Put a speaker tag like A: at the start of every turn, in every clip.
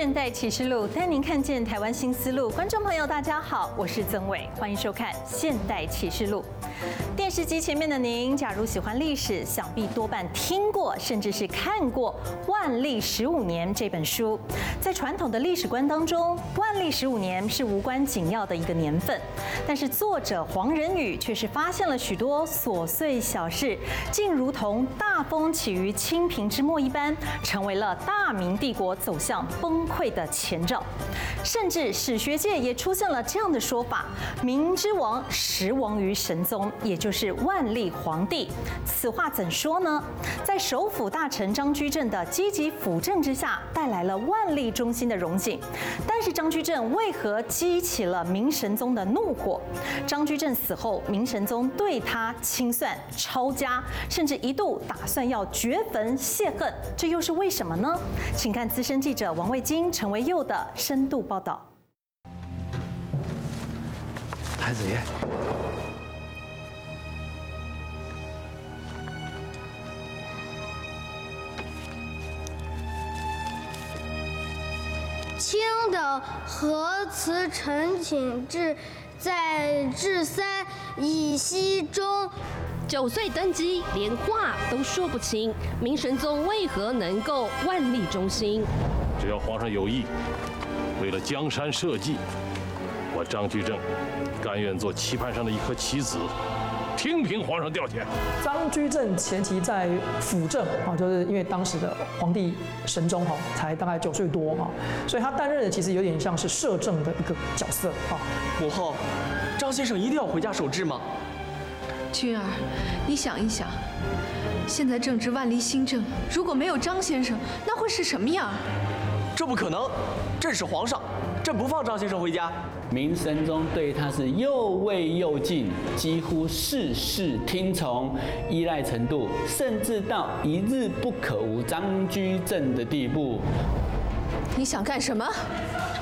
A: 現代啟示錄帶您看見台灣新思路。觀眾朋友，大家好，我是曾偉，歡迎收看《現代啟示錄》。電視機前面的您，假如喜歡歷史，想必多半聽過，甚至是看過《萬曆十五年》這本書。在傳統的歷史觀當中，《萬曆十五年》是無關緊要的一個年份，但是作者黃仁宇卻是發現了許多瑣碎小事，竟如同大風起於青萍之末一般，成為了大明帝國走向崩潰的前兆。甚至史學界也出現了這樣的說法：“明之亡，實亡於神宗。”也就是。是萬曆皇帝，此話怎說呢？在首輔大臣張居正的積極輔政之下，帶來了萬曆中興的榮景。但是張居正為何激起了明神宗的怒火？張居正死後，明神宗對他清算、抄家，甚至一度打算要掘墳洩恨，這又是為什麼呢？請看資深記者王衛金、陳維佑的深度報道。
B: 太子爺。
C: 卿
D: 等何辭，臣請至，在至三以烯中，九歲登基，連話都說不清。明神宗為何能夠萬曆中興？
E: 只要皇上有意，為了江山社稷，我張居正甘願做棋盤上的一顆棋子。聽憑皇上調遣。
F: 張居正前期在輔政啊，就是因為當時的皇帝神宗哈，才大概九歲多嘛，所以他擔任的其實有點像是攝政的一個角色啊。母後，
G: 張先生一定要回家守制嗎？
H: 鈞兒，你想一想，現在正值萬歷新政，如果沒有張先生，那會是什麼樣？
I: 這不可能！朕是皇上，朕不放張先生回家。明神宗對他是又畏又敬，幾乎事事聽從，依賴程度甚至到一日不可無張居正的地步。
D: 你想幹什麼？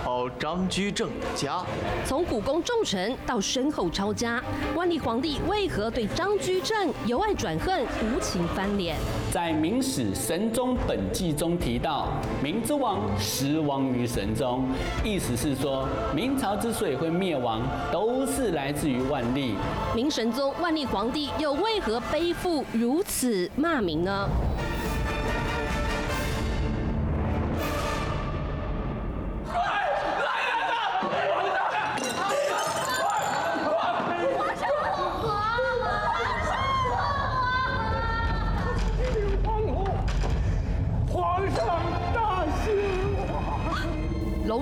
I: 抄張居正家，
D: 從故宮重臣到身後抄家，萬歷皇帝為何對張居正由愛轉恨，無情翻臉？
I: 在《明史神宗本紀》中提到：“明之亡，實亡於神宗。”意思是說，明朝之所以會滅亡，都是來自於萬歷。
D: 明神宗萬歷皇帝又為何背負如此罵名呢？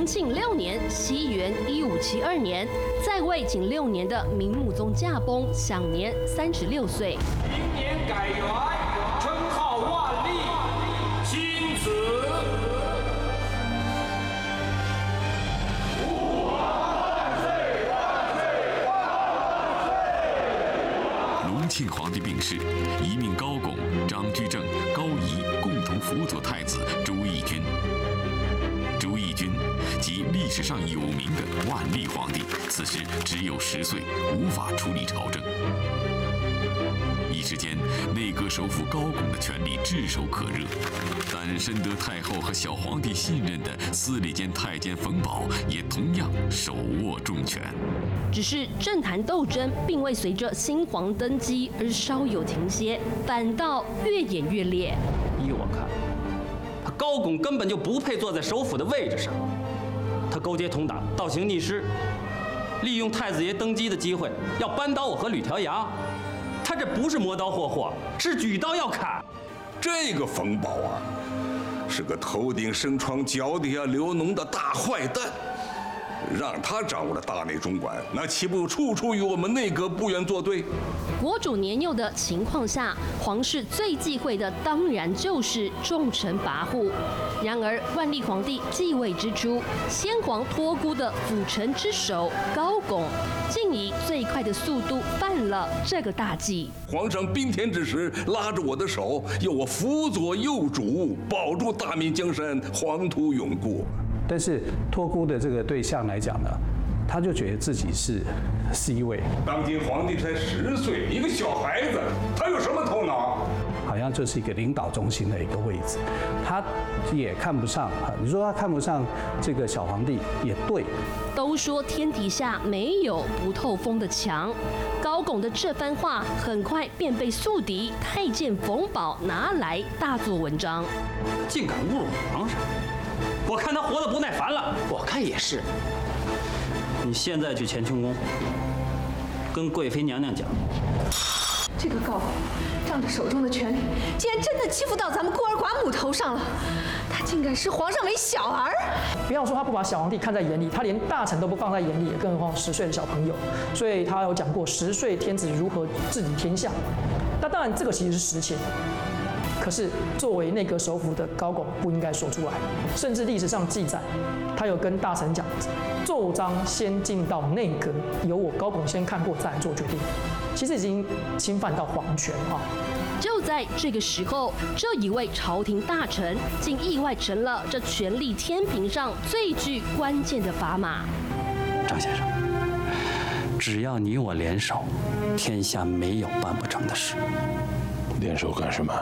D: 慶六年，西元一五七二年，在位僅六年的明穆宗駕崩，享年三十六歲。
F: 明年改元，稱號萬
E: 曆，金子。吾皇萬歲！萬歲！
B: 萬歲！隆慶皇帝病逝，一萬曆皇帝此時只有十歲，無法處理朝政。一時間，內閣首輔高拱的權力炙手可熱，但深得太后和小皇帝信任的司禮監太監馮保，也同樣手握重權。
D: 只是政壇鬥爭並未隨着新皇登基而稍有停歇，反倒越演越烈。
I: 依我看，高拱根本就不配坐在首輔的位置上，他勾結同黨。倒行逆施，利用太子爺登基的機會，要扳倒我
G: 和呂調陽。他這不是磨刀霍霍，是舉刀要砍。
B: 這個馮保啊，是個頭頂生瘡、腳底下流膿的大壞蛋。讓他掌握了大內總管，那豈不處處與我們內閣不願作對？
D: 國主年幼的情況下，皇室最忌諱的當然就是重臣跋扈。然而萬曆皇帝繼位之初，先皇托孤的輔臣之首高拱，竟以最快的速度犯了這個大忌。
B: 皇上賓天之時，拉着我的手，要我輔佐幼主，保住大明江山，皇圖永固。但是托
J: 孤的這個對象來講呢，他就覺得自己是 C 位。
B: 當今皇帝
E: 才十歲，一個小孩子，他有什麼頭腦？
J: 好像就是一個領導中心的一個位置，他也看不上啊。你說他看不上這個小皇帝也對。
D: 都說天底下沒有不透風的牆，高拱的這番話很快便被宿敵太監馮保拿來大做文章。竟敢侮辱皇上！
I: 我看他活得不耐煩了，我看也是。你現在去乾清宮，跟貴妃娘娘講，
H: 這個高拱，仗着手中的權力，竟然真的欺負到
F: 咱們孤兒寡母頭上了。他竟敢視皇上為小兒！不要說他不把小皇帝看在眼裡，他連大臣都不放在眼裡，也更何況十歲的小朋友？所以他有講過十歲天子如何治理天下。那當然，這個其實是實情。可是，作為內閣首輔的高拱不應該說出來，甚至歷史上記載，他有跟大臣講，奏章先進到內閣，由我高拱先看過再做決定，其實已經侵犯到皇權啊。就在這個時候，這一
D: 位朝廷大臣竟意外成了這權力天平上最具關鍵的砝碼。
J: 張先生，只要你我聯手，天下沒有辦不成的事。聯手幹什麼？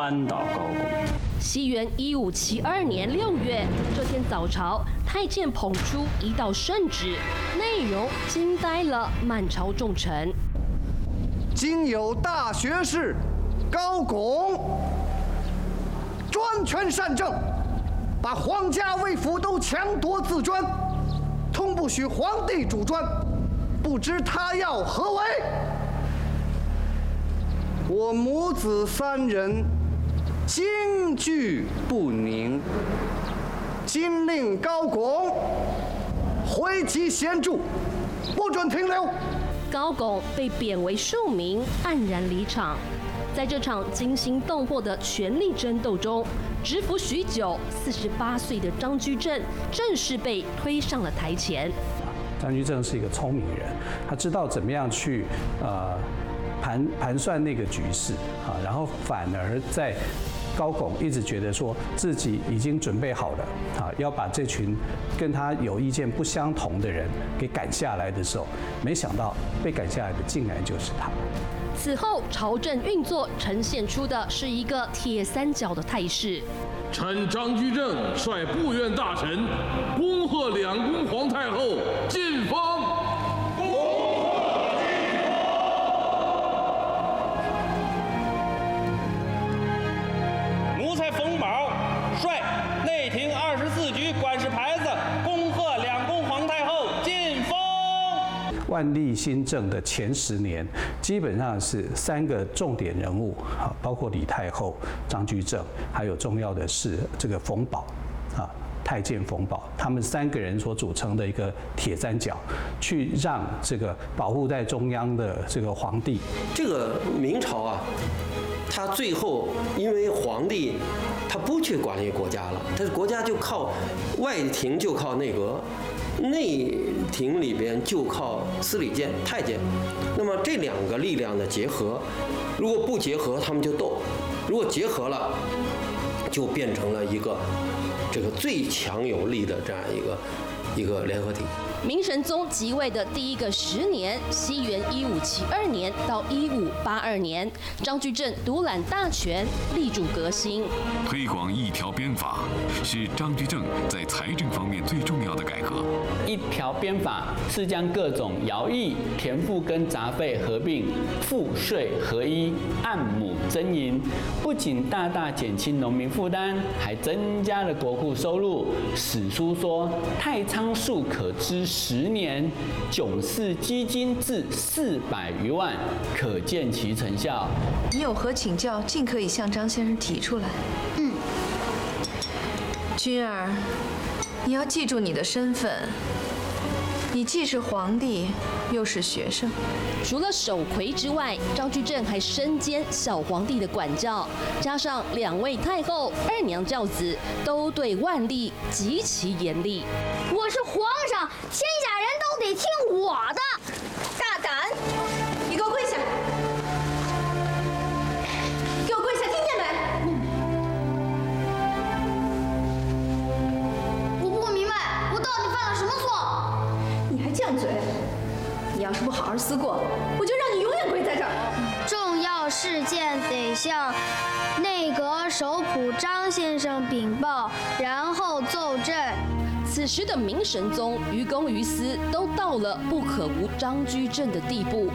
I: 扳倒高
D: 拱。西元一五七二年六月，這天早朝，太監捧出一道聖旨，內容驚呆了滿朝重臣。今有大學士高拱專權擅政，把皇家威福都強
J: 奪自專，通不許皇帝主專，不知他要何為？我母子三人。心懼不寧，今令高
D: 拱回籍閒住，不准停留。高拱被貶為庶民，黯然離場。在這場驚心動魄的權力爭鬥中，蟄伏許久、四十八歲的張居正，正式被推上了台前。
J: 張居正是一個聰明人，他知道怎麼樣去呃盤盤算那個局勢啊，然後反而在。高拱一直覺得說自己已經準備好了，啊，要把這群跟他有意見不相同的人給趕下來的時候，沒想到被趕下來的竟然就是他。
D: 此後，朝政運作呈現出的是一個鐵三角的態勢。
B: 臣張居正率部院大臣恭賀兩宮皇太后進封。
J: 萬曆新政的前十年，基本上是三個重點人物，啊，包括李太后、張居正，還有重要的是這個馮保，啊，太監馮保，他們三個人所組成的一個鐵三角，去讓這個保護在中
I: 央的這個皇帝。這個明朝啊，他最後因為皇帝他不去管理國家了，但是國家就靠外廷，就靠內閣靠內。廷裡邊就靠司禮監太監，那麼這兩個力量的結合，如果不結合，他們就鬥；如果結合了，就變成了一個這個最強有力的這樣一個一個聯合體。
D: 明神宗即位的第一個十年，西元一五七二年到一五八二年，張居正獨攬大權，力主
I: 革新，
B: 推廣一條鞭法，是張居正在財政方面最
I: 重要的改革。一條編法是將各種徭役、田賦跟雜費合併，賦稅合一，按畝徵銀，不僅大大減輕農民負擔，還增加了國庫收入。史書說：“太倉粟可支十年，冏寺積金至四百餘萬，可見其成效。”
H: 你有何請教，盡可以向張先生提出來。嗯，鈞兒，你要記住
D: 你的身份。你既是皇帝，又是學生。除了首魁之外，張居正還身兼小皇帝的管教，加上兩位太后、二娘教子，都對萬曆極其嚴厲。我是皇上，天下人都得聽我的。而思過，
H: 我就讓你永遠跪在這兒。重要事件得向內閣
D: 首輔張先生稟報，然後奏朕。此時的明神宗於公於私都到了不可無張居正的地步。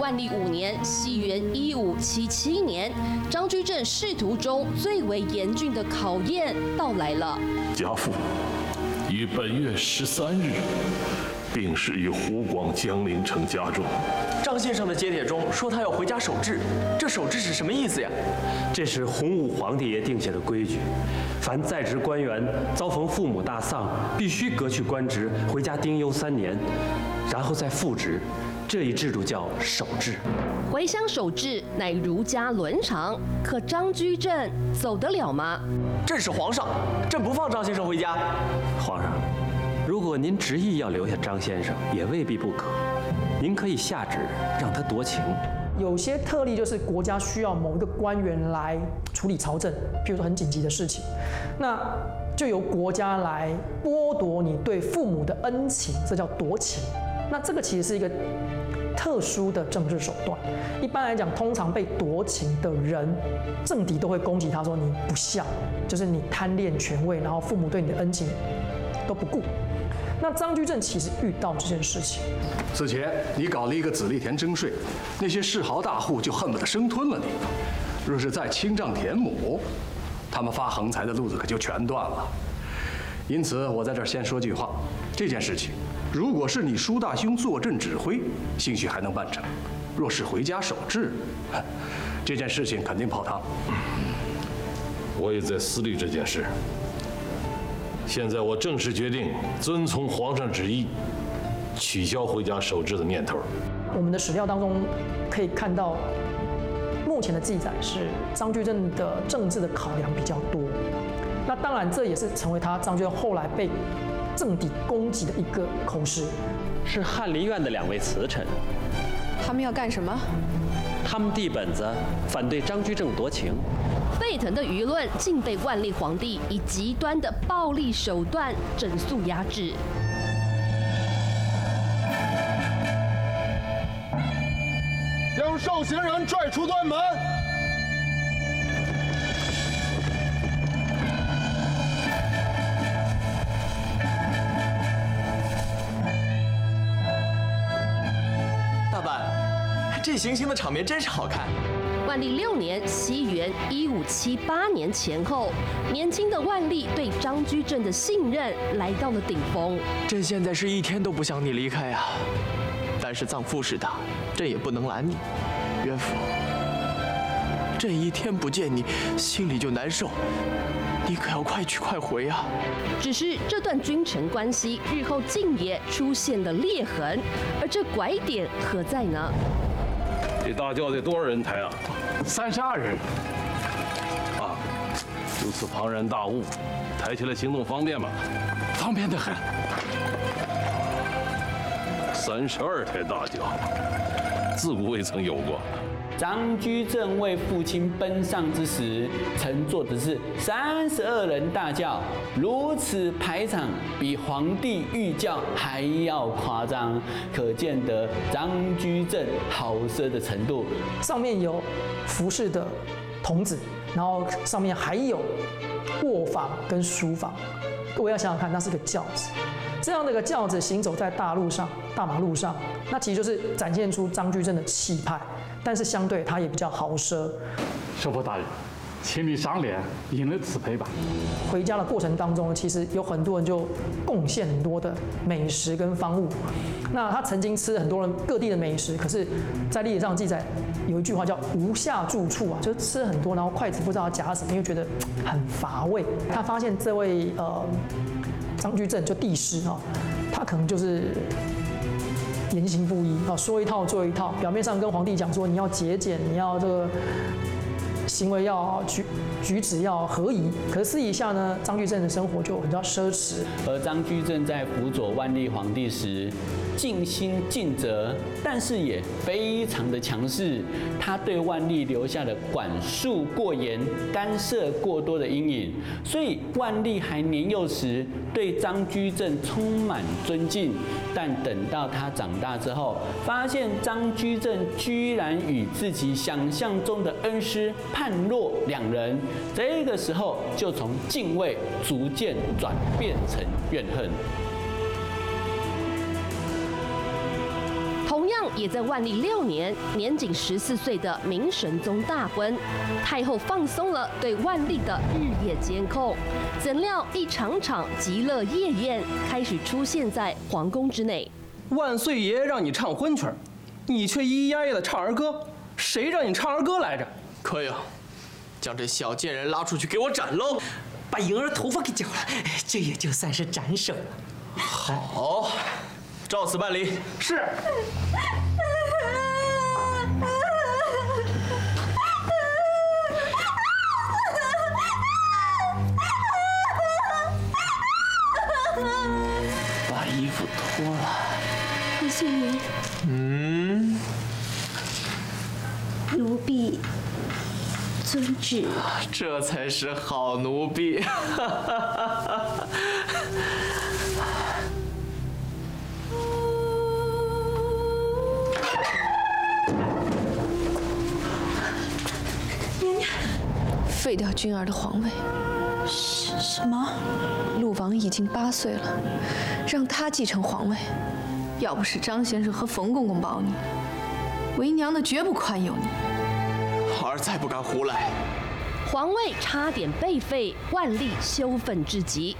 D: 萬曆五年，西元一五七七年，張居正仕途中最為嚴峻的考驗到來了。
E: 家父於本月十三日，病逝於湖廣江陵城家中。
G: 張先生的揭帖中說他要回家守制。這守制是什麼意思呀？這是洪武皇帝爺定下的規矩，凡在職官員遭逢父母大喪，必須革去官職，回家丁憂三年，然後再復職。這一制度叫守制。
D: 回鄉守制乃儒家倫常，可張居正
G: 走得了嗎？朕是皇上，朕不放張先生回家。皇上。如果您執意要留下張先生，也未必不可。您可以下旨
I: 讓他奪情。
F: 有些特例就是國家需要某一個官員來處理朝政，譬如說很緊急的事情，那就由國家來剝奪你對父母的恩情，這叫奪情。那這個其實是一個特殊的政治手段。一般來講，通常被奪情的人，政敵都會攻擊他說你不孝，就是你貪戀權位，然後父母對你的恩情都不顧。那張居正其實遇到這件事情，
B: 此前你搞了一個子粒田徵稅，那些世豪大戶就恨不得生吞了你。若是再清丈田畝，他們發橫財的路子可就全斷了。因此，我在這兒先說句
J: 話：這件事情，如果是你叔大兄坐鎮指揮，興許還能辦成；若是回家守制，這件事情肯定泡湯。
E: 我也在思慮這件事。現在我正式決定，遵從皇上旨意，取消回家守制的念頭。
F: 我們的史料當中可以看到，目前的記載是張居正的政治的考量比較多。那當然，這也是成為他張居正後來被政敵攻擊的一個口實。
I: 是翰林院的兩位詞臣，
H: 他
D: 們要幹什麼？
I: 他們遞本子反對張居正奪情。
D: 沸騰的輿論竟被萬曆皇帝以極端的暴力手段整肅壓
G: 制，將受刑人拽出端門。大板，這行刑的場面真是好看。
D: 萬曆六年，西元一五七八年前後，年輕的萬曆對張居正的信任來到了頂
G: 峰。朕現在是一天都不想你離開呀，但是葬父事大，朕也不能攔你。元輔，朕一天不見你，心裡就難受，你可要快去快回啊。
D: 只是這段君臣關係日後竟也出現了裂痕，而這拐點何在呢？
E: 這大轎得多少人抬啊？三十二人。啊，如此龐然大物，抬起來行動方便嗎？方便得很。
B: 三十二抬大轎，
I: 自古未曾有過。張居正為父親奔喪之時，乘坐的是三十二人大轎，如此排場比皇帝御轎還要誇張，可見得張居正豪奢的程度。
F: 上面有服侍的童子，然後上面還有臥房跟書房。各位要想想看，那是個轎子，這樣的一個轎子行走在大路上，大馬路上，那其實就是展現出張居正的氣派。但是相對他也比較豪奢，
G: 首輔大人，請你賞臉，飲了此杯吧。
F: 回家的過程當中，其實有很多人就貢獻很多的美食跟方物。那他曾經吃很多人各地的美食，可是，在歷史上記載有一句話叫“無下箸處”啊，就是吃很多，然後筷子不知道夾什麼，又覺得很乏味。他發現這位呃張居正就帝師啊、哦，他可能就是。言行不一啊，說一套做一套。表面上跟皇帝講說，你要節儉，你要這個行為要舉舉止要合宜，可是私底下呢，張居正的生活就比較奢侈。而張居正
I: 在輔佐萬曆皇帝時。盡心盡責，但是也非常的強勢。他對萬曆留下了管束過嚴、干涉過多的陰影，所以萬曆還年幼時對張居正充滿尊敬，但等到他長大之後，發現張居正居然與自己想象中的恩師判若兩人，這個時候就從敬畏逐漸轉變成怨恨。
D: 也在萬曆六年，年僅十四歲的明神宗大婚，太后放鬆了對萬曆的日夜監控，怎料一場場極樂夜宴開始出現在皇宮之內。
G: 萬歲爺讓你唱昆曲，你卻咿咿呀呀的唱兒歌，誰讓你唱兒歌來着？可以啊，將這小賤人拉出去給我斬嘍！把盈兒頭髮給剪了，這也就算是斬首了。好，照此辦理。是。皇上，謝謝您。嗯。奴婢遵旨。這才是好奴婢。哈哈哈
C: 哈哈。娘娘，
H: 廢掉君兒的皇位。什麼？潞王已經八歲了，讓他繼承皇位。要不是張先生和馮公公保你，
D: 為娘的絕不寬宥你。
G: 孩兒再不敢胡來。
D: 皇位差點被廢，萬歷羞憤至極。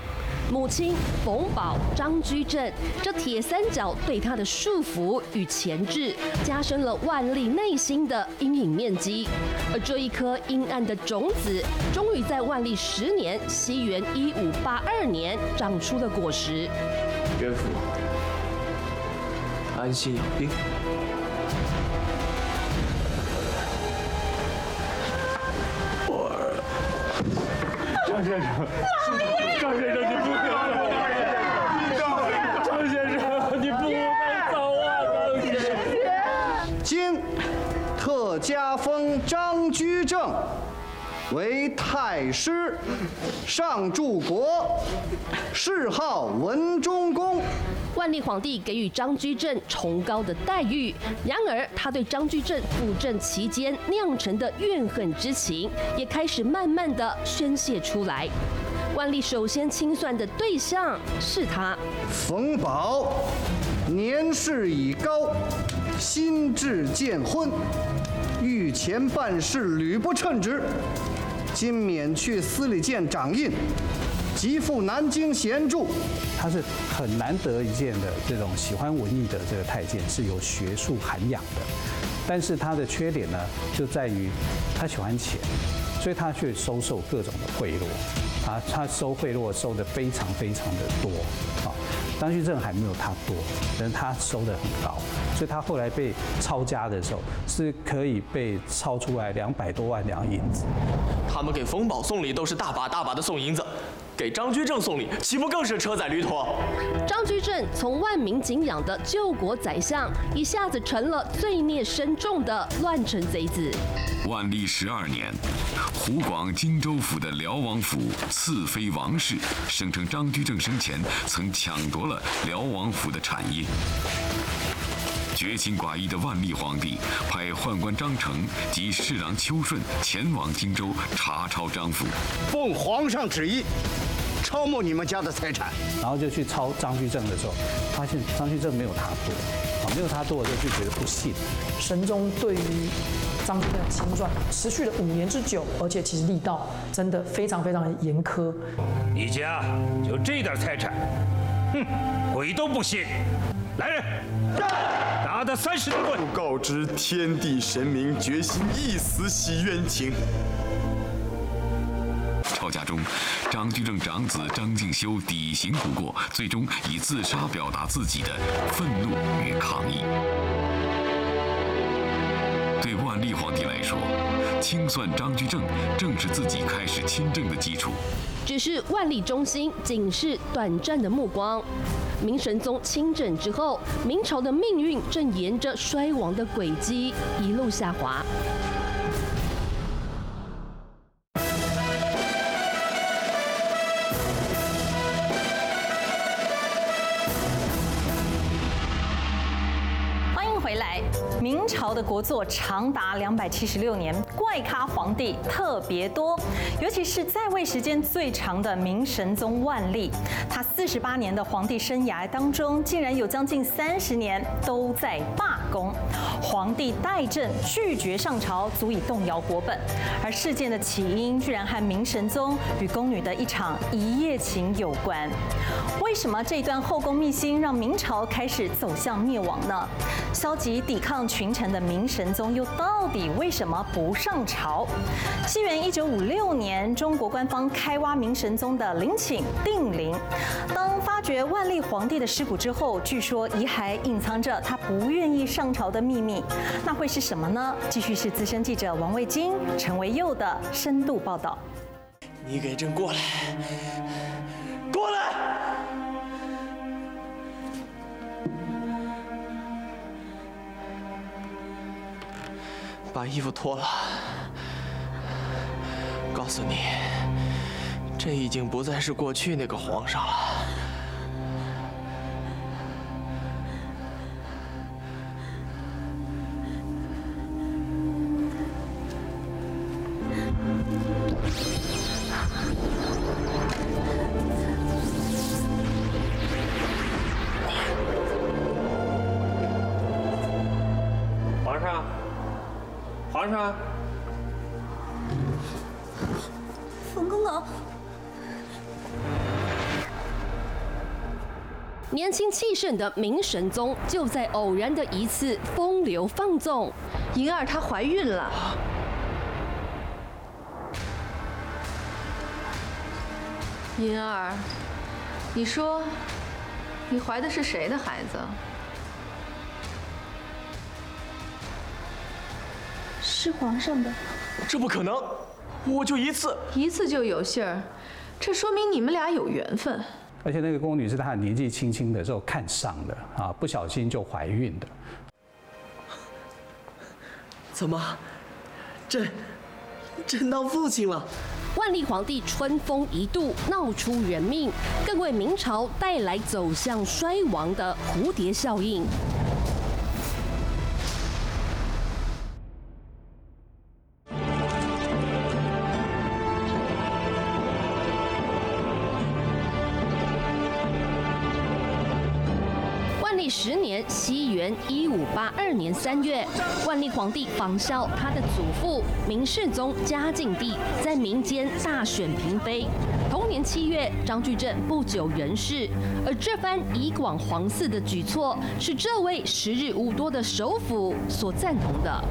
D: 母親馮保、張居正這鐵三角對他的束縛與鉗制，加深了萬曆內心的陰影面積。而這一顆陰暗的種子，終於在萬曆十年（西元一五八二年）長出了果實。
G: 元輔，安心養病。
E: 我，張先
B: 生，張先生。
G: 為太
J: 師，上柱國，諡號文忠
D: 公。萬歷皇帝給予張居正崇高的待遇，然而他對張居正輔政期間釀成的怨恨之情也開始慢慢的宣泄出來。萬歷首先清算的對象是他。
J: 馮保，年事已高，心智漸昏，御前辦事屢不稱職。今免去司禮監掌印，即赴南京閒住。他是很難得一見的，這種喜歡文藝的這個太監是有學術涵養的，但是他的缺點呢，就在於他喜歡錢。所以他去收受各種的賄賂，啊，他收賄賂收得非常非常的多，啊，但是這還沒有他多，但是他收得很高，所以他後來被抄家的時候是可以被抄出來兩百多萬兩銀子。
G: 他們給馮保送禮都是大把大把的送銀子。給張居正送禮，豈不更是車載驢駝？
D: 張居正從萬民敬仰的救國宰相，一下子成了罪孽深重的亂臣賊子。
B: 萬曆十二年，湖廣荊,荊州府的遼王府次妃王氏，聲稱張居正生前曾搶奪了遼王府的產業。絕情寡義的萬曆皇帝派宦官張誠及侍郎丘橓前往荊州查抄張府，
J: 奉皇上旨意，抄沒你們家的財產。然後就去抄張居
F: 正的時候，發現張居正沒有他多，沒有他多的時候就覺得不信。神宗對於張居正的清算持續了五年之久，而且其實力道真的非常非常的嚴苛。
E: 你家就這點財產，
F: 哼，
E: 鬼都不信。來人。打的三十多棍，不告知天地神明，決心一死洗冤情。
B: 抄家中，張居正長子張敬修抵刑不過，最終以自殺表達自己的憤怒與抗議。對萬曆皇帝來說，清算張居正，正是自己開始親政的基礎。
D: 只是萬曆中興，僅是短暫的目光。明神宗親政之後，明朝的命運正沿着衰亡的軌跡一路下滑。
A: 的國祚長達兩百七十六年，怪咖皇帝特別多，尤其是在位時間最長的明神宗萬曆，他四十八年的皇帝生涯當中，竟然有將近三十年都在罷工。皇帝怠政，拒絕上朝，足以動搖國本。而事件的起因居然和明神宗與宮女的一場一夜情有關。為什麼這段後宮秘辛讓明朝開始走向滅亡呢？消極抵抗群臣的明神宗又到底為什麼不上朝？西元一九五六年，中國官方開挖明神宗的陵寢定陵。當發掘萬曆皇帝的屍骨之後，據說遺骸隱藏着他不願意上朝的秘密。那會是什麼呢？繼續是資深記者王衛金、陳維佑的深度報道。
G: 你給朕過來，過來，把衣服脫了。告訴你，朕已經不再是過去那個皇上了。
D: 慎的明神宗就在偶然的一次風流放縱，銀兒她懷孕了。
H: 銀兒，你說，你懷的是誰的孩子？是皇上的。
G: 這不可能！
H: 我就一次，一次就有信兒，這說明你們倆有緣分。
J: 而且那個宮女是她年紀輕輕的時候看上的啊，不小心就懷孕的。
D: 怎麼，朕，朕當父親了？萬曆皇帝春風一度鬧出人命，更為明朝帶來走向衰亡的蝴蝶效應。十年西元一五八二年三月，萬曆皇帝仿效他的祖父明世宗嘉靖帝，在民間大選嬪妃。同年七月，張居正不久人世。而這番以廣皇嗣的舉措，是這位時日無多的首輔所贊同的。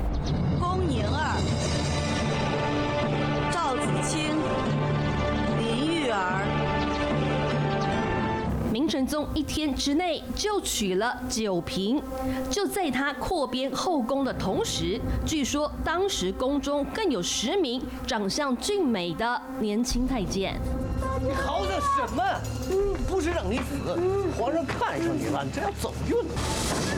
D: 神宗一天之內就娶了九嬪，就在他擴編後宮的同時，據說當時宮中更有十名長相俊美的年輕太監。
G: 啊、你嚎叫什麼？不是讓你死，皇上看上你了，你這要走運。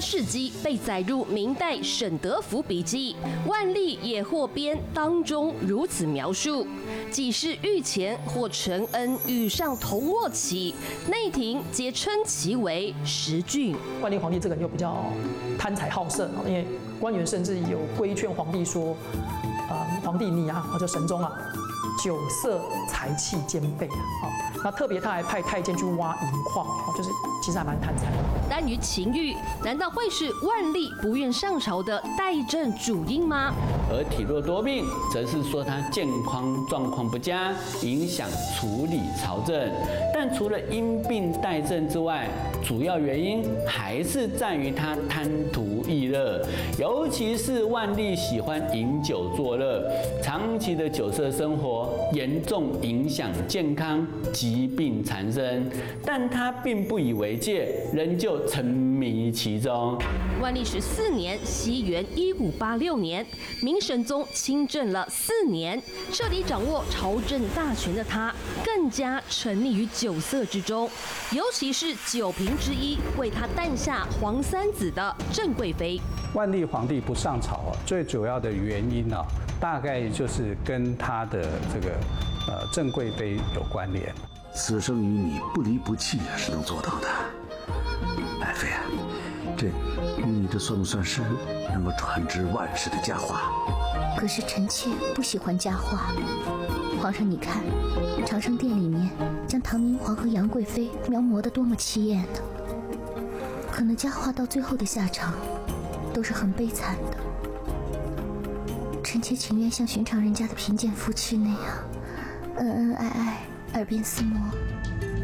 D: 事跡被載入明代沈德符筆記《萬曆野獲編》當中，如此描述：既是御前或承恩，與上同臥起，內
F: 廷皆稱其為十俊。萬曆皇帝這個人就比較貪財好色，因為官員甚至有規勸皇帝說、呃：“皇帝你啊，或者神宗啊。”酒色財氣兼備啊，那特別他還派太監去挖銀礦，就是其實還蠻貪財。
D: 耽於情慾，難
F: 道會是萬曆不
D: 願上朝的怠政主因嗎？
I: 而體弱多病，則是說他健康狀況不佳，影響處理朝政。但除了因病怠政之外，主要原因還是在於他貪圖逸樂，尤其是萬曆喜歡飲酒作樂，長期的酒色生活嚴重影響健康，疾病纏身，但他並不以為戒，仍舊沉迷。於其中。萬曆十四
D: 年，西元一五八六年，明神宗親政了四年，徹底掌握朝政大權的他，更加沉溺於酒色之中。尤其是九嬪之一，為他誕下皇三子的鄭貴妃。萬
J: 曆皇帝不上朝，最主要的原因呢，大概就是跟他的這個呃鄭貴妃有關聯。此生與你不離不棄，也是能做到的。愛妃啊，這你這算不算是能夠傳之萬世的佳話？
C: 可是臣妾不喜歡佳話。皇上，你看，長生殿裡面將唐明皇和楊貴妃描摹得多麼淒艷呢？可能佳話到最後的下場都是很悲慘的。臣妾情願像尋常人家的貧賤夫妻那樣，恩恩愛愛，耳鬢廝磨。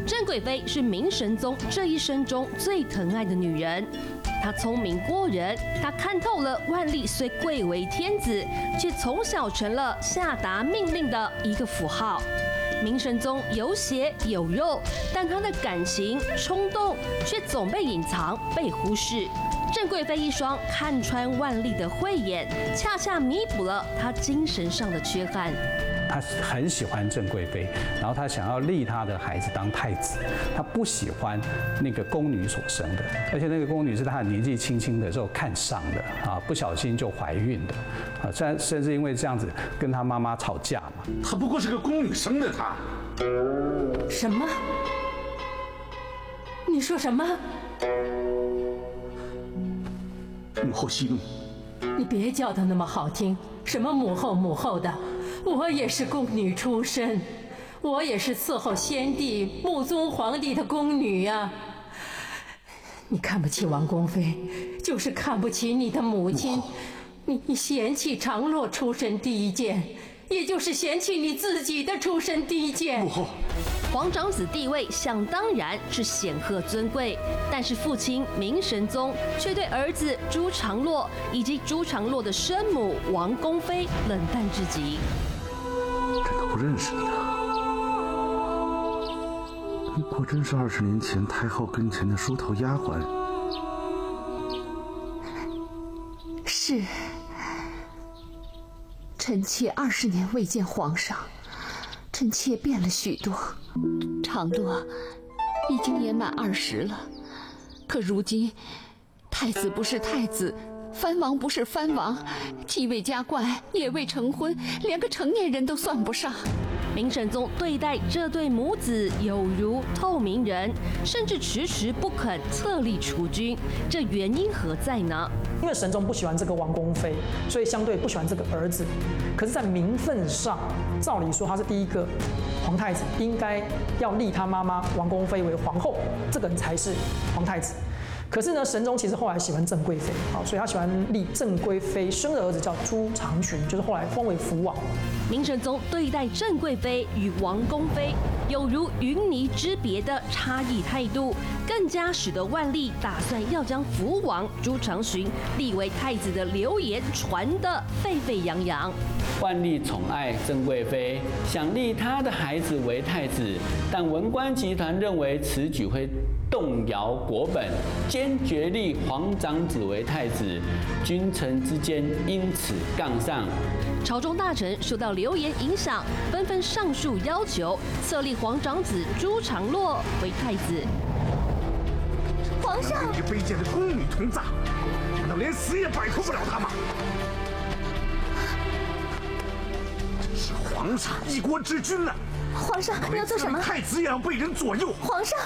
D: 鄭貴妃是明神宗這一生中最疼愛的女人，她聰明過人，她看透了萬曆雖貴為天子，卻從小成了下達命令的一個符號。明神宗有血有肉，但他的感情衝動卻總被隱藏、被忽視。鄭貴妃一雙看穿萬曆的慧眼，恰恰彌補了他精神上的缺憾。
J: 他很喜歡鄭貴妃，然後他想要立他的孩子當太子。他不喜歡那個宮女所生的，而且那個宮女是他年紀輕輕的時候看上的啊，不小心就懷孕的啊。甚甚至因為這樣子跟他媽媽吵架嘛。他不過是個宮女生的他。什麼？
D: 你說什麼？母後息怒。你別叫得那麼好聽，什麼母後母後的。我也是宮女出身，我也是伺候先帝穆宗皇帝的宮女呀、啊。
F: 你看不起王恭妃，
D: 就是看不起你的母親。你你嫌棄常洛出身低賤，也就是嫌棄你自己的出身低賤。母後，皇長子地位想當然是顯赫尊貴，但是父親明神宗卻對兒子朱常洛以及朱常洛的生母王恭妃冷淡至極。
E: 不認識你了，你果真是二十年前太后跟前的梳頭丫鬟。
C: 是，臣妾二十年未見皇上，臣妾變了許多。常洛、啊，已經年滿二十了，可如今，太子不是太子，藩
D: 王不是藩王，既未加冠，也未成婚，連個成年人都算不上。明神宗對待這對母子有如透明人，
F: 甚至遲遲不肯冊立儲君，這原因何在呢？因為神宗不喜歡這個王恭妃，所以相對不喜歡這個兒子。可是，在名分上，照理說他是第一個皇太子，應該要立他媽媽王恭妃為皇後，這個人才是皇太子。可是呢，神宗其實後來喜歡鄭貴妃，好，所以他喜歡立鄭貴妃生的兒子叫朱常洵，就是後來封為福王。明神宗對
D: 待鄭貴妃與王恭妃，有如雲泥之別的差異態度，更加使得萬曆打算要將福王朱常洵立為太子的流言傳得沸沸揚揚。
I: 萬曆寵愛鄭貴妃，想立他的孩子為太子，但文官集團認為此舉會動搖國本，堅決立皇長子為太子。君臣之間因此槓上。
D: 朝中大臣受到流言影響，紛紛上書要求冊立皇長子朱常洛為太子。
G: 皇上，與卑賤的宮女同葬，難道連死也擺脫不了他嗎？真是皇上一國之君啊！皇上，皇上，你要做什麼？太子也要被人左右。皇上，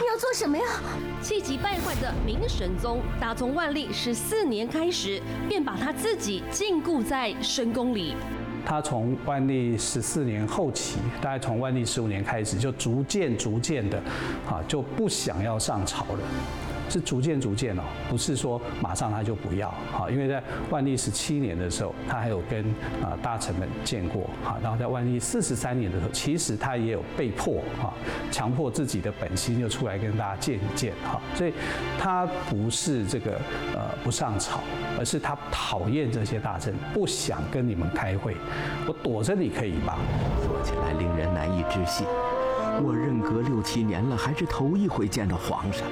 D: 你要做什麼呀、啊？氣急敗壞的明神宗，打從萬曆十四年開始，便把他自己禁錮在深宮裡。
J: 他從萬曆十四年後期，大概從萬曆十五年開始，就逐漸逐漸的，啊，就不想要上朝了。是逐漸逐漸哦，不是說馬上他就不要哈，因為在萬曆十七年的時候，他還有跟啊大臣們見過哈，然後在萬曆四十三年的時候，其實他也有被迫哈，強迫自己的本心就出來跟大家見一見哈，所以他不是這個呃不上朝，而是他討厭這些大臣，不想跟你們開會，我躲着你可以
G: 吧？說起來令人難以置信，我任隔六七年了，還是頭一回見到皇上。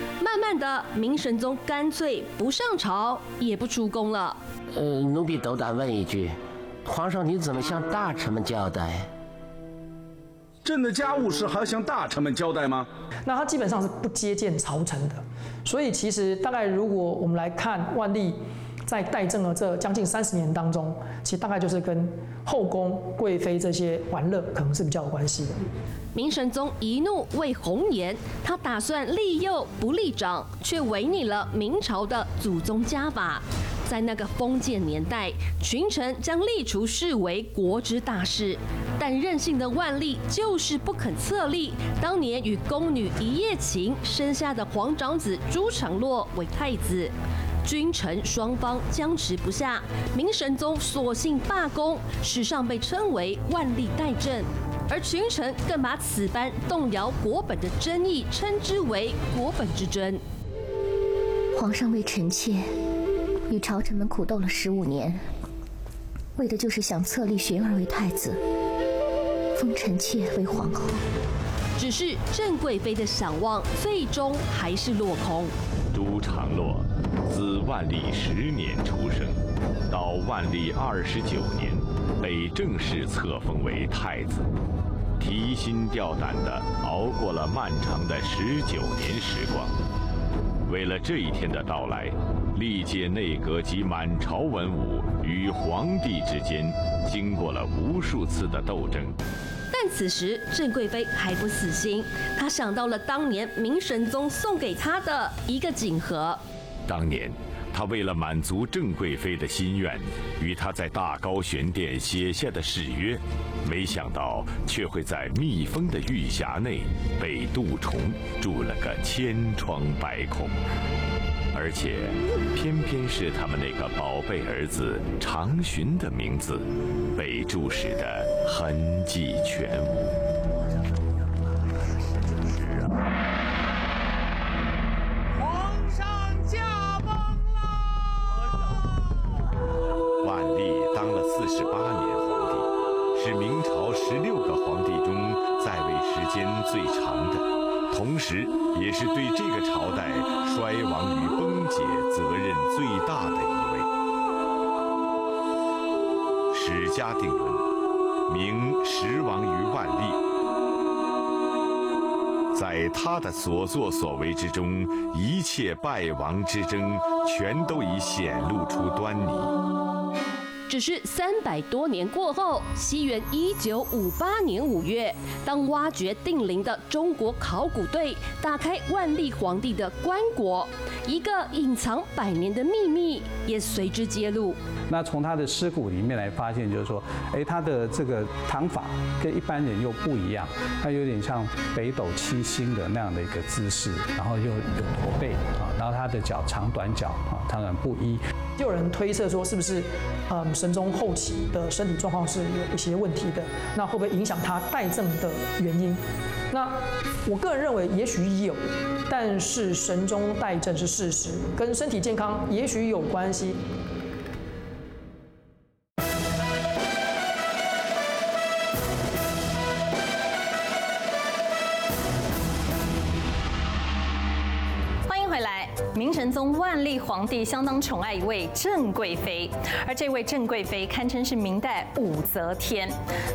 D: 的明神宗乾脆不上朝，也不出
G: 宮了。呃，奴婢斗膽問一句，皇上你怎麼向大臣們交代？朕的家務事還要向大臣們交代嗎？
F: 那他基本上是不接見朝臣的，所以其實大概如果我們來看萬曆在怠政了這將近三十年當中，其實大概就是跟後宮貴妃這些玩樂可能是比較有關係的。明神宗一怒為紅顏，他打
D: 算立幼不立長，卻違逆了明朝的祖宗家法。在那個封建年代，群臣將立儲視為國之大事，但任性的萬曆就是不肯冊立當年與宮女一夜情生下的皇長子朱常洛為太子，君臣雙方僵持不下，明神宗索性罷工，史上被稱為萬曆怠政。而群臣更把此般動搖國本的爭議稱之為“國本之爭”。皇上為臣妾與朝
C: 臣們苦鬥了十五年，為的就是想冊立洵兒為太子，
D: 封臣妾為皇後。只是鄭貴妃的想望最終還是落空。
E: 朱常洛，自萬曆十年出生，到萬曆二十九年，被正式冊封為太子。提心吊膽地，熬過了漫長的十九年時光。為了這一天的到來，歷屆內閣及滿朝文武與皇帝之間經過了無數次的鬥爭。
D: 但此時，鄭貴妃還不死心，她想到了當年明神宗送給她的一個錦盒。
E: 當年。他為了滿足鄭貴妃的心願，與她在大高玄殿寫下的誓約，沒想到卻會在密封的玉匣內被蠹蟲蛀了個千瘡百孔，而且，偏偏是他們那個寶貝兒子常洵的名字被蛀蝕的痕跡全無。最長的，同時也是對這個朝代衰亡與崩解責任最大的一位，史家定論。明實亡於萬曆，在他的所作所為之中，一切敗亡之爭，全都已顯露出端
D: 倪。只是三百多年過後，西元一九五八年五月，當挖掘定陵的中國考古隊打開萬曆皇帝的棺槨。一個隱藏百年的秘密也隨之揭露。
J: 那從他的屍骨裡面來發現，就是說，誒，他的這個躺法跟一般人又不一樣，他有點像北斗七星的那樣的一個姿勢，然後又有駝背啊，然後他的腳長短腳啊，長短不一。
F: 就有人推測說，是不是，嗯，神宗後期的身體狀況是有一些問題的，那會不會影響他怠政的原因？那我個人認為，也許有，但是神中帶症是事實，跟身體健康也許有關係。
A: 萬曆皇帝相當寵愛一位鄭貴妃，而這位鄭貴妃堪稱是明代武則天。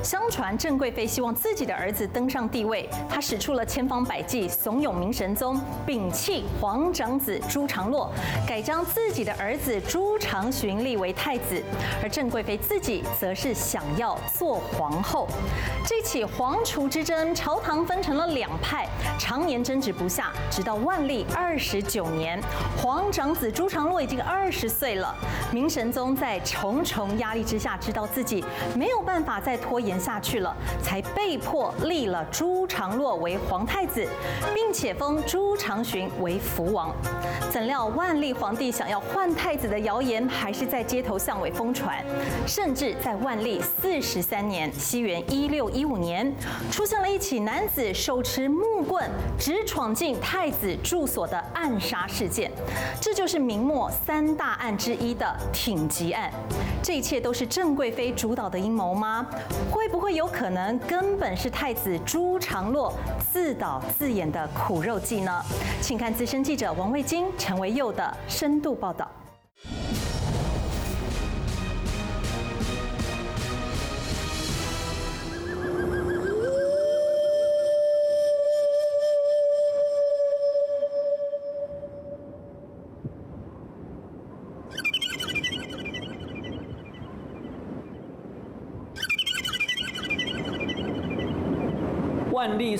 A: 相傳鄭貴妃希望自己的兒子登上帝位，她使出了千方百計，慫恿明神宗摒棄皇長子朱常洛，改將自己的兒子朱常洵立為太子。而鄭貴妃自己則是想要做皇後。這起皇儲之爭，朝堂分成了兩派，常年爭執不下，直到萬曆二十九年，皇。朱長子朱常洛已經二十歲了，明神宗在重重壓力之下，知道自己沒有辦法再拖延下去了，才被迫立了朱常洛為皇太子，並且封朱常洵為福王。怎料萬曆皇帝想要換太子的謠言還是在街頭巷尾瘋傳，甚至在萬曆四十三年（西元一六一五年）出現了一起男子手持木棍直闖進太子住所的暗殺事件。這就是明末三大案之一的梃擊案，這一切都是鄭貴妃主導的陰謀嗎？會不會有可能根本是太子朱常洛自導自演的苦肉計呢？請看資深記者王衛京、陳維佑的深度報道。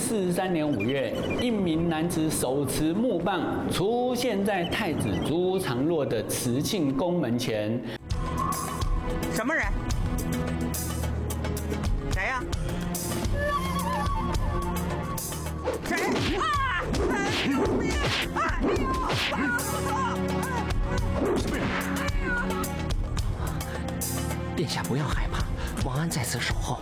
I: 四十三年五月，一名男子手持木棒出現在太子朱常洛的慈慶宮門前。什麼人？
G: 誰呀？誰啊？
I: 殿下不要害怕，王安在此守候。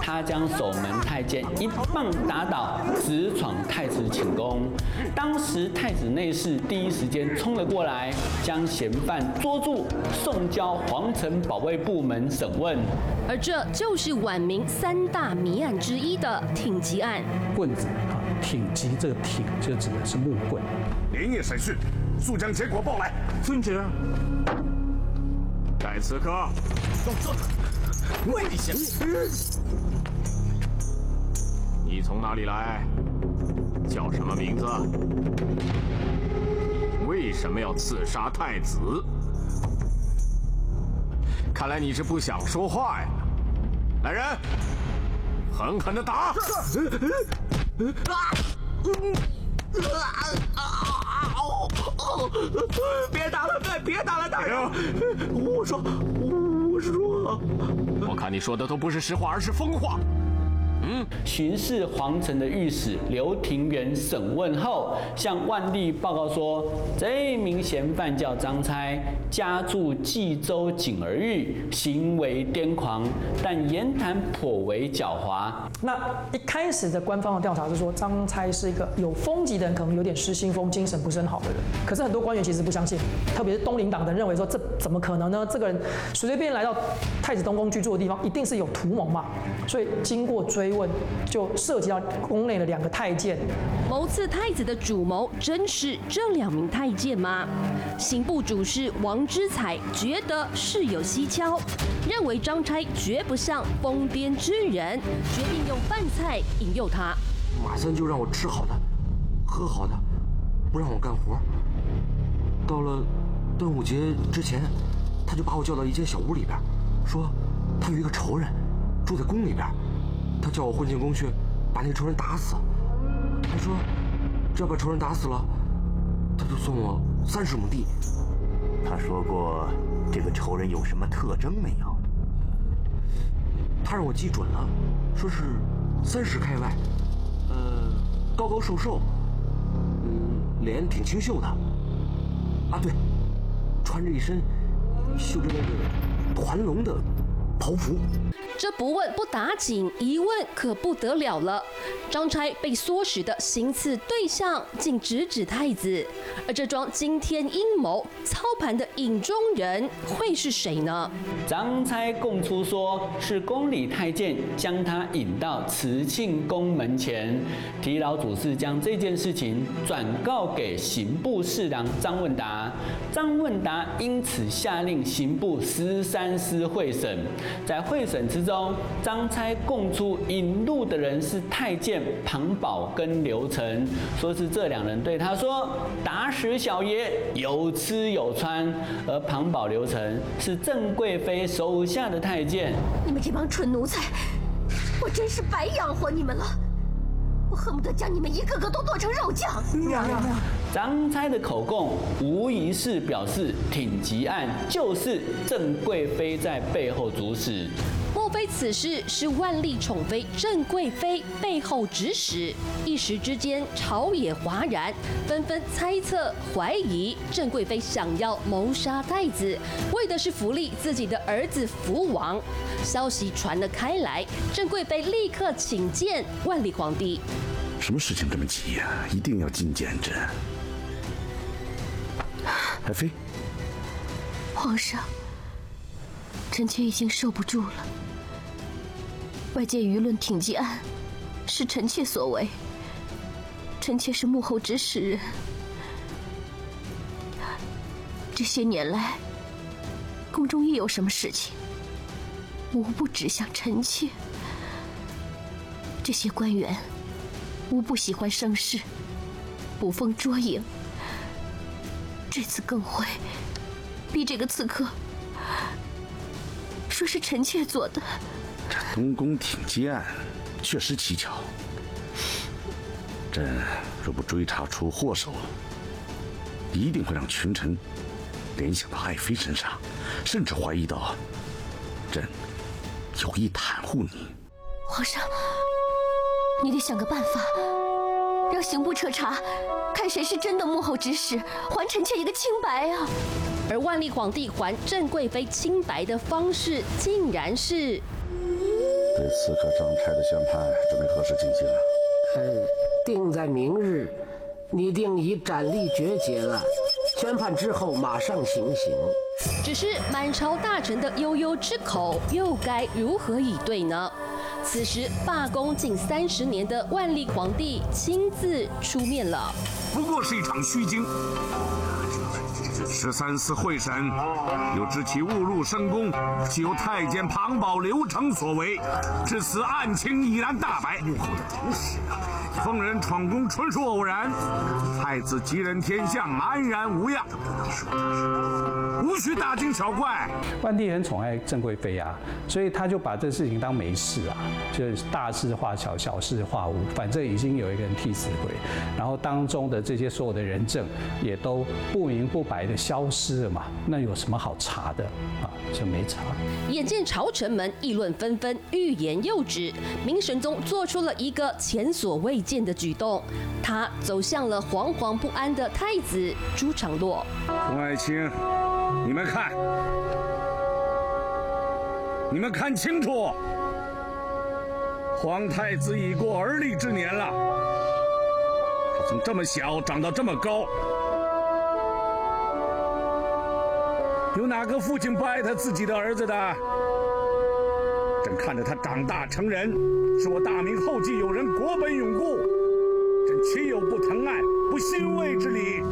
I: 他將守門太監一棒打倒，直闖太子寢宮。當時太子內侍第一時間衝了過來，將嫌犯捉住，送交皇城保衛部門審問。
D: 而這就是晚明
I: 三大謎
D: 案之一的梃擊案。棍子，
I: 梃擊這個梃就指的是木棍？
E: 連夜審訊，速將結果報來。遵旨。待此刻，你從哪裡來？叫什麼名字？為什麼要刺殺太子？看來你是不想說話呀！來人，狠狠的打！
G: 別打了！別，別打了！大人！我說我，我說，
I: 我看你說的都不是實話，而是瘋話。巡視皇城的御史劉廷元審問後，向萬曆報告說，這名嫌犯叫張差，家住薊州井兒峪，行為癲狂，但言談頗為狡猾。
F: 那一開始的官方的調查是說，張差是一個有風疾的人，可能有點失心瘋，精神不是很好的人。可是很多官員其實不相信，特別是東林黨的人認為說，這怎麼可能呢？這個人隨隨便便來到太子東宮居住的地方，一定是有圖謀嘛。所以經過追問，問，就涉及到宮內的兩個太監謀刺太子的主謀，真
D: 是這兩名太監嗎？刑部主事王之寀覺得事有蹊蹺，認為張差絕不像瘋癲之人，決定用飯菜引誘他。
G: 馬上就讓我吃好的，喝好的，不讓我幹活。到了端午節之前，他就把我叫到一間小屋裡邊，說他有一個仇人住在宮裡邊。他叫我混進宮去，把那個仇人打死。他說，只要把仇人打死了，他就送我三十畝地。他說過，這個仇人有什麼特徵沒有？他讓我記準了，說是三十開外，呃，高高瘦瘦，嗯，臉挺清秀的。啊，對，穿着一身繡着那個團龍的。剖
D: 這不問不打緊，一問可不得了了。張差被唆使的行刺對象竟直指指太子，而這樁驚天陰謀操盤的影中人會是誰
I: 呢？張差供出說是宮裡太監將他引到慈慶宮門前，提牢主事將這件事情轉告給刑部侍郎張問達，張問達因此下令刑部十三司會審。在會審之中，張差供出引路的人是太監龐保跟劉成，說是這兩人對他說：“打死小爺有吃有穿。”而龐保劉成是鄭貴妃手下的太監。
C: 你們這幫蠢奴才，我真是白養活你們了。我恨不得將你們一個個都剁成肉醬！娘、嗯、娘、嗯嗯，
I: 張差的口供無疑是表示梃擊案就是鄭貴妃在背後主使。
D: 莫非此事是萬歷寵妃鄭貴妃背後指使？一時之間，朝野嘩然，紛紛猜測懷疑鄭貴妃想要謀殺太子，為的是扶立自己的兒子福王。消息傳了開來，鄭貴妃立刻請見萬歷皇帝。
E: 什麼事情這麼急呀、啊？一定要覲見朕。
J: 愛妃，
D: 皇上，
C: 臣妾已經受不住了。外界輿論梃擊案，是臣妾所為。臣妾是幕後指使人。這些年來，宮中一有什麼事情，無不指向臣妾。這些官員，無不喜歡生事，捕風捉影。這次更會逼這個刺客，說是臣妾做的。
E: 這東宮梃擊案確實蹊蹺，朕若不追查出禍首，一定會讓群臣聯想到愛妃身上，甚至懷疑到朕有意袒護你。
C: 皇上，你得想個辦法，讓刑部徹查，看誰是真的
D: 幕後指使，還臣妾一個清白啊！而萬曆皇帝還鄭貴妃清白的方式，竟然是……
B: 對刺客張差的宣判準備何時進行，
D: 啊？呃、嗯，定在明日，擬定以斬
G: 立決結案。宣判之後馬上行刑。
D: 只是滿朝大臣的悠悠之口又該如何以對呢？此時罷工近三十年的萬歷皇帝親自出面了，
B: 不過是一場
G: 虛驚。
E: 十三司會審，又知其誤入深宮，係由太監龐保、劉成所為。至此案情已然大白。幕後的主使啊，封人闖宮純屬偶然。太子吉
J: 人天相，安然無恙。無需大驚小怪。萬帝很寵愛鄭貴妃啊，所以他就把這事情當沒事啊，就是大事化小，小事化無。反正已經有一個人替死鬼，然後當中的這些所有的人證也都不明不白，消失了嘛，那有什麼好查的啊？就沒查。
D: 眼見朝臣們議論紛紛，欲言又止，明神宗做出了一個前所未見的舉動，他走向了惶惶不安的太子朱常洛。
E: 洪愛卿，你們看，你們看清楚，皇太子已過而立之年了，他從這麼小長到這麼高。有哪個父親不愛他自己的兒子的？朕看着他長大成人，是我大明後繼有人，國本永固，朕豈有不疼愛、不欣慰之理？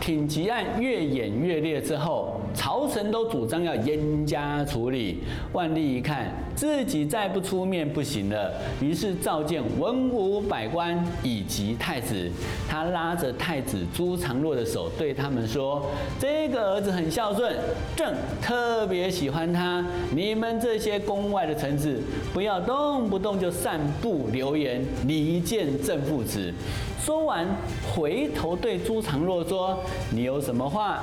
I: 梃擊案越演越烈之後，朝臣都主張要嚴加處理，萬曆一看自己再不出面不行了，於是召見文武百官以及太子，他拉着太子朱常洛的手對他們說：“這個兒子很孝順，朕特別喜歡他。你們這些宮外的臣子，不要動不動就散布流言，離間朕父子。”說完，回頭對朱常洛說：“你有什麼話，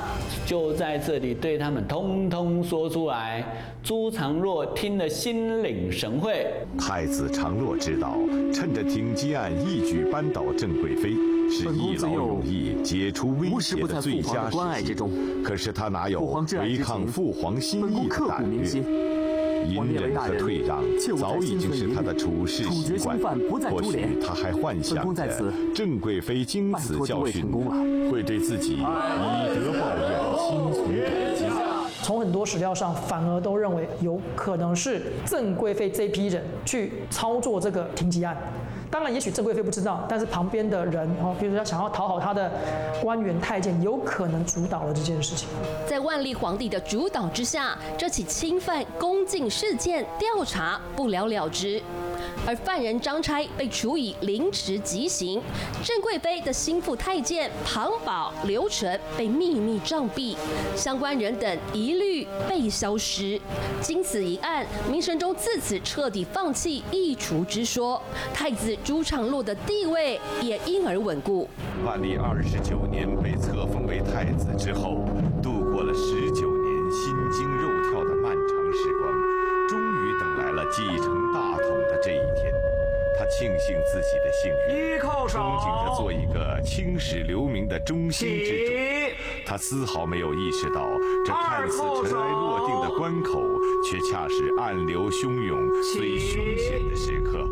I: 就在這裡對他們通通說出來。”朱常洛聽得心領神會。太子常洛知道，
E: 趁着梃擊案一舉扳倒鄭貴妃，是一勞永逸解除威脅的最佳時機。可是他哪有違抗父皇心意的膽略？隱忍和退讓，早已經是他的處世習慣。或許他還幻想着，鄭貴妃經此教訓，會對自己
F: 以德報怨，心存感激。從很多史料上，反而都認為有可能是鄭貴妃這批人去操作這個梃擊案。當然，也許鄭貴妃不知道，但是旁邊的人，哦，比如說想要討好他的官員太監，有可能主導了這件事情。在萬曆皇帝的主導之下，這起
D: 侵犯宮禁事件調查不了了之。而犯人張差被處以凌遲極刑，鄭貴妃的心腹太監龐保、劉成被秘密杖斃，相關人等一律被消失。經此一案，明神宗自此徹底放棄易儲之說，太子朱常洛的地位也因而穩固。
E: 萬曆二十九年被冊封為太子之後，度過了十九。慶幸自己的幸
G: 運，憧憬着做
E: 一個青史留名的中興之主。他絲毫沒有意識到，這看似塵埃落定的關口，卻恰是暗流洶湧、最凶險的時刻。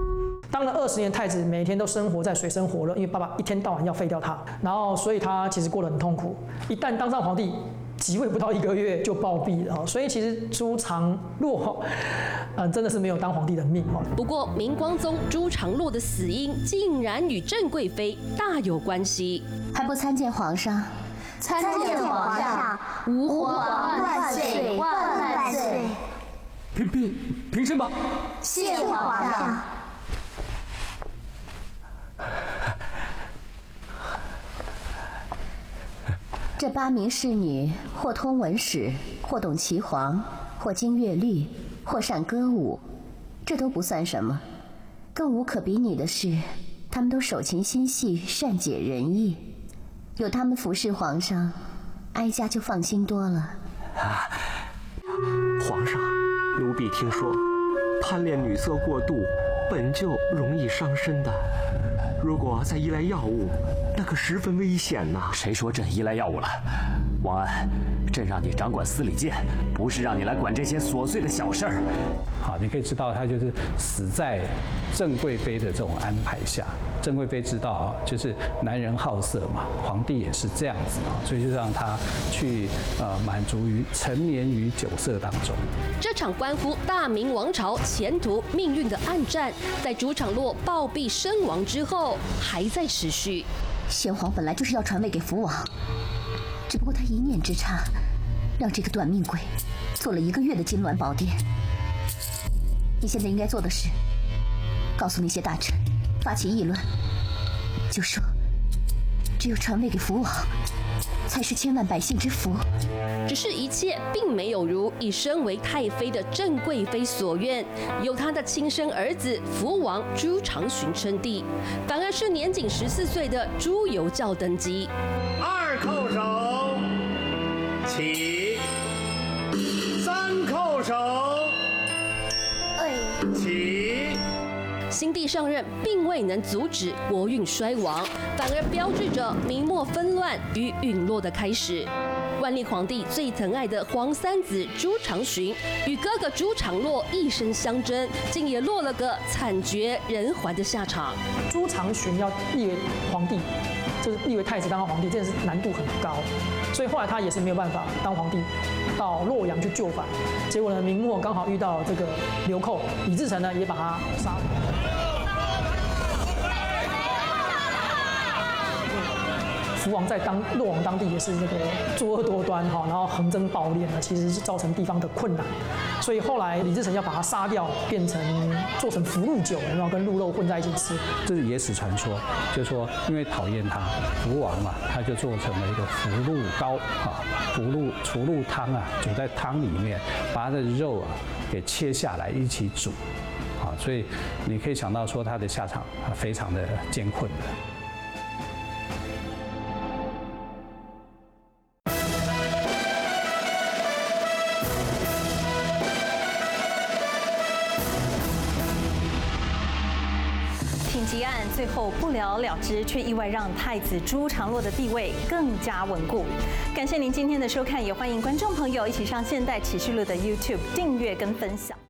F: 當了二十年太子，每天都生活在水深火熱，因為爸爸一天到晚要廢掉他，然後所以他其實過得很痛苦。一旦當上皇帝，即位不到一個月就暴斃了，所以其實朱常洛，嗯，真的是沒有當皇帝的命。不過明光宗朱常
D: 洛的死因竟然與鄭貴妃大有關係，還不參見皇上？參見皇上，吾皇萬歲萬
C: 萬
F: 歲。平平平身吧。謝皇上。
C: 這八名侍女，或通文史，或懂岐黃，或精樂律，或善歌舞，這都不算什麼。更無可比擬的是，她們都手勤心細，善解人意。有她們服侍皇上，哀家就放心多了。
G: 啊，皇上，奴婢聽說，貪戀女色過度，本就容易傷身的，如果再依賴藥物。那可十分危險吶啊！誰說朕依賴藥物了？王安，朕讓你掌管司禮監，不是讓你來管這些瑣碎的小事兒。好，你可以知道，他就是死在鄭貴妃的這
J: 種安排下。鄭貴妃知道啊，就是男人好色嘛，皇帝也是這樣子啊，所以就讓他去呃滿足於沉湎於酒色當中。
D: 這場關乎大明王朝前途命運的暗戰，在朱常洛暴斃身亡之後，還在持續。先皇本來就是要傳位給福王，
C: 只不過他一念之差，讓這個短命鬼做了一個月的金鑾寶殿。你現在應該做的是，告訴那些大臣，發起議論，就說只有傳位給福王，才是千萬百姓之福。只
D: 是一切並沒有如已身為太妃的鄭貴妃所願，有她的親生兒子福王朱常洵稱帝，反而是年僅十四歲的朱由校登基。二叩首，
G: 起。三叩
D: 首，哎，起。新帝上任，並未能阻止國運衰亡，反而標誌着明末紛亂與隕落的開始。萬曆皇帝最疼愛的皇三子朱常洵，與哥哥朱常洛一生相爭，竟也落了個慘絕人寰的下
F: 場。朱常洵要立為皇帝，就是立為太子當皇帝，真的是難度很高，所以後來他也是沒有辦法當皇帝。到洛陽去就藩，結果呢，明末剛好遇到了這個流寇，李自成呢也把他殺了。福王在當洛王當地也是這個作惡多端哈，然後橫徵暴斂啊，其實是造成地方的困難，所以後來李自成要把他殺掉，變成做成福祿酒，然後跟鹿肉混在一起吃，
J: 這是野史傳說，就說因為討厭他福王嘛，啊，他就做成了一個福祿糕哈，福祿、福祿湯啊，煮在湯裡面，把他的肉啊給切下來一起煮啊，所以你可以想到說他的下場非常的艱困的。
A: 後不了了之，卻意外讓太子朱常洛的地位更加穩固。感謝您今天的收看，也歡迎觀眾朋友一起上現代啟示錄的 YouTube 訂閱跟分享。